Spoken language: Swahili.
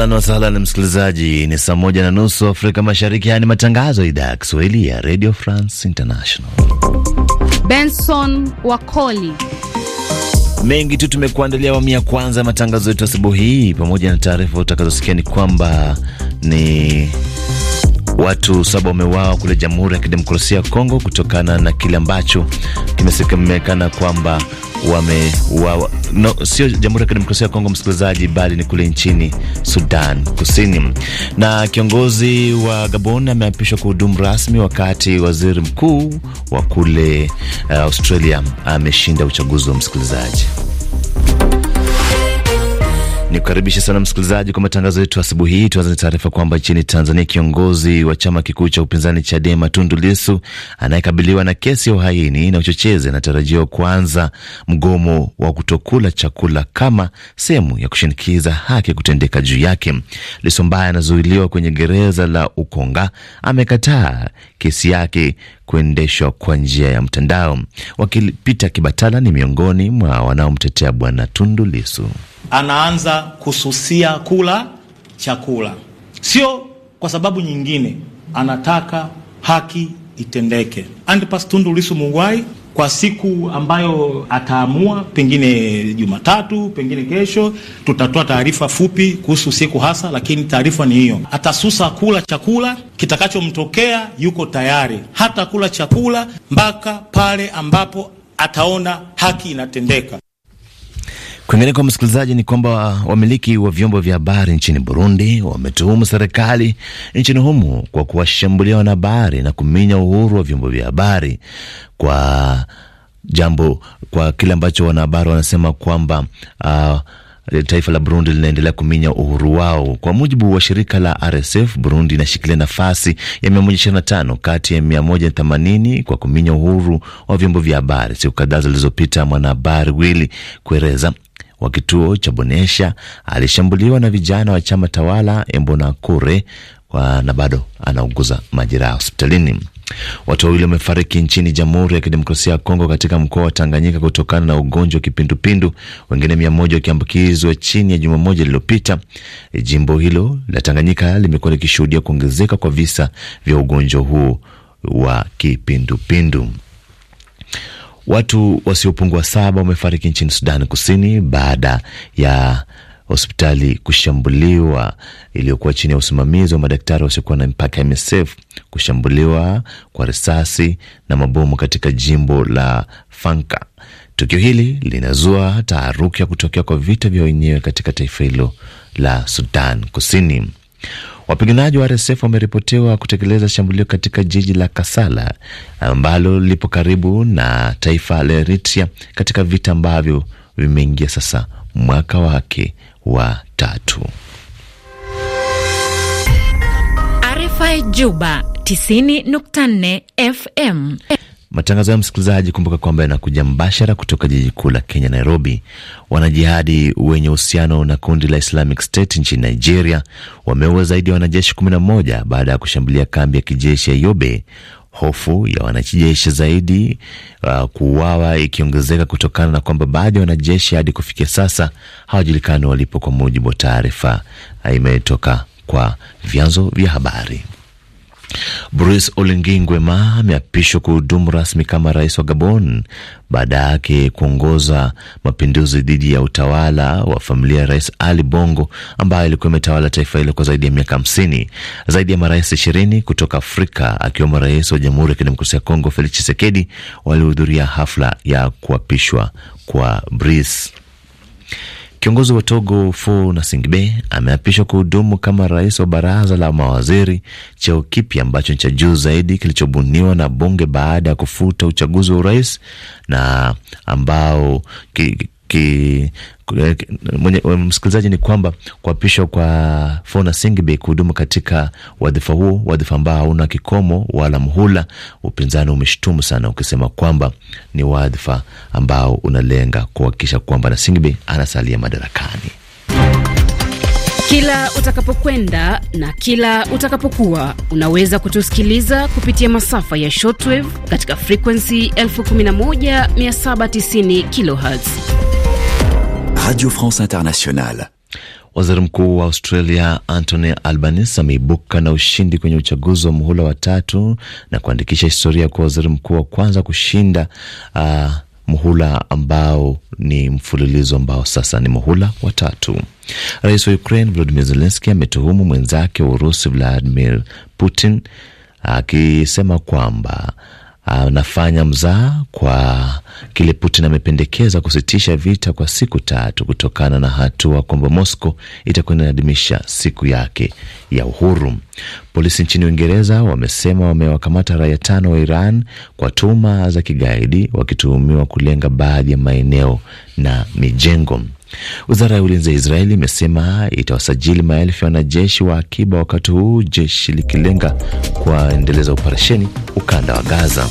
Ahlan wasahlan, msikilizaji, ni saa moja na nusu Afrika Mashariki. Haya ni matangazo ya idhaa ya Kiswahili ya Radio France International. Benson Wakoli mengi tu tumekuandalia awamu ya kwanza ya matangazo yetu asubuhi hii, pamoja na taarifa utakazosikia ni kwamba ni Watu saba wameuawa kule Jamhuri ya Kidemokrasia ya Kongo kutokana na kile ambacho kimesemekana kwamba wameuawa. No, sio Jamhuri ya Kidemokrasia ya Kongo msikilizaji, bali ni kule nchini Sudan Kusini. Na kiongozi wa Gabon ameapishwa kuhudumu rasmi, wakati waziri mkuu wa kule uh, Australia ameshinda uchaguzi wa msikilizaji ni kukaribisha sana msikilizaji kwa matangazo yetu asubuhi hii. Tuanze na taarifa kwamba nchini Tanzania, kiongozi wa chama kikuu cha upinzani Chadema Tundu lisu anayekabiliwa na kesi ya uhaini na uchochezi anatarajiwa kuanza mgomo wa kutokula chakula kama sehemu ya kushinikiza haki kutendeka juu yake. lisu ambaye anazuiliwa kwenye gereza la Ukonga amekataa kesi yake kuendeshwa kwa njia ya mtandao. Wakili Peter Kibatala ni miongoni mwa wanaomtetea Bwana Tundu Lisu. Anaanza kususia kula chakula, sio kwa sababu nyingine, anataka haki itendeke. Antipas Tundu Lisu Mungwai kwa siku ambayo ataamua, pengine Jumatatu, pengine kesho, tutatoa taarifa fupi kuhusu siku hasa, lakini taarifa ni hiyo. Atasusa kula chakula, kitakachomtokea yuko tayari, hata kula chakula mpaka pale ambapo ataona haki inatendeka kwa msikilizaji, ni kwamba wamiliki wa vyombo vya habari nchini Burundi wametuhumu serikali nchini humo kwa kuwashambulia wanahabari na kuminya uhuru wa vyombo vya habari kwa jambo, kwa kile ambacho wanahabari wanasema kwamba uh, taifa la Burundi linaendelea kuminya uhuru wao. Kwa mujibu wa shirika la RSF, Burundi inashikilia nafasi ya 125 kati ya 180 kwa kuminya uhuru wa vyombo vya habari. Siku kadhaa zilizopita, mwanahabari Willy Kwereza wa kituo cha Bonesha alishambuliwa na vijana wa chama tawala Embonakure na bado anauguza majeraha hospitalini. Watu wawili wamefariki nchini Jamhuri ya Kidemokrasia ya Kongo katika mkoa wa Tanganyika kutokana na ugonjwa wa kipindupindu, wengine mia moja wakiambukizwa chini ya juma moja lililopita. Jimbo hilo la Tanganyika limekuwa likishuhudia kuongezeka kwa visa vya ugonjwa huo wa kipindupindu. Watu wasiopungua saba wamefariki nchini Sudani Kusini baada ya hospitali kushambuliwa iliyokuwa chini ya usimamizi wa madaktari wasiokuwa na mpaka MSF kushambuliwa kwa risasi na mabomu katika jimbo la Fanka. Tukio hili linazua taharuki ya kutokea kwa vita vya wenyewe katika taifa hilo la Sudan Kusini. Wapiganaji wa RSF wameripotiwa kutekeleza shambulio katika jiji la kasala ambalo lipo karibu na taifa la Eritrea katika vita ambavyo vimeingia sasa mwaka wake wa tatu. RFI Juba 90.4 FM. Matangazo ya msikilizaji, kumbuka kwamba yanakuja mbashara kutoka jiji kuu la Kenya, Nairobi. Wanajihadi wenye uhusiano na kundi la Islamic State nchini Nigeria wameua zaidi ya wanajeshi 11 baada ya kushambulia kambi ya kijeshi ya Yobe, hofu ya wanajeshi zaidi uh, kuuawa ikiongezeka kutokana na kwamba baadhi ya wanajeshi hadi kufikia sasa hawajulikani walipo, kwa mujibu wa taarifa imetoka kwa vyanzo vya habari. Brice Oligui Nguema ameapishwa kuhudumu rasmi kama rais wa Gabon baada yake kuongoza mapinduzi dhidi ya utawala wa familia ya rais Ali Bongo ambayo ilikuwa imetawala taifa hilo kwa zaidi ya miaka hamsini. Zaidi ya marais ishirini kutoka Afrika akiwemo rais wa Jamhuri ya Kidemokrasia ya Kongo Felix Tshisekedi walihudhuria hafla ya kuapishwa kwa Brice. Kiongozi wa Togo Faure Gnassingbe ameapishwa kuhudumu kama rais wa baraza la mawaziri, cheo kipya ambacho ni cha juu zaidi kilichobuniwa na bunge baada ya kufuta uchaguzi wa urais na ambao ki, ki, eh, eh, msikilizaji ni kwamba kuapishwa kwa Fona Singbe kuhudumu katika wadhifa huo, wadhifa ambao hauna kikomo wala mhula, upinzani umeshtumu sana ukisema kwamba ni wadhifa ambao unalenga kuhakikisha kwamba na Singbe anasalia madarakani. Kila utakapokwenda na kila utakapokuwa unaweza kutusikiliza kupitia masafa ya shortwave katika frequency 11790 kilohertz Radio France Internationale. Waziri Mkuu wa Australia Anthony Albanese ameibuka na ushindi kwenye uchaguzi wa muhula wa tatu na kuandikisha historia kuwa waziri mkuu wa kwanza kushinda uh, muhula ambao ni mfululizo ambao sasa ni muhula wa tatu. Rais wa Ukraine Volodymyr Zelensky ametuhumu mwenzake wa Urusi Vladimir Putin akisema kwamba anafanya ah, mzaa kwa kile Putin amependekeza kusitisha vita kwa siku tatu kutokana na hatua kwamba mosco itakuwa inaadhimisha siku yake ya uhuru. Polisi nchini Uingereza wamesema wamewakamata raia tano wa Iran kwa tuma za kigaidi, wakituhumiwa kulenga baadhi ya maeneo na mijengo. Wizara ya ulinzi ya Israeli imesema itawasajili maelfu ya wanajeshi wa akiba, wakati huu jeshi likilenga kuwaendeleza operesheni ukanda wa Gaza.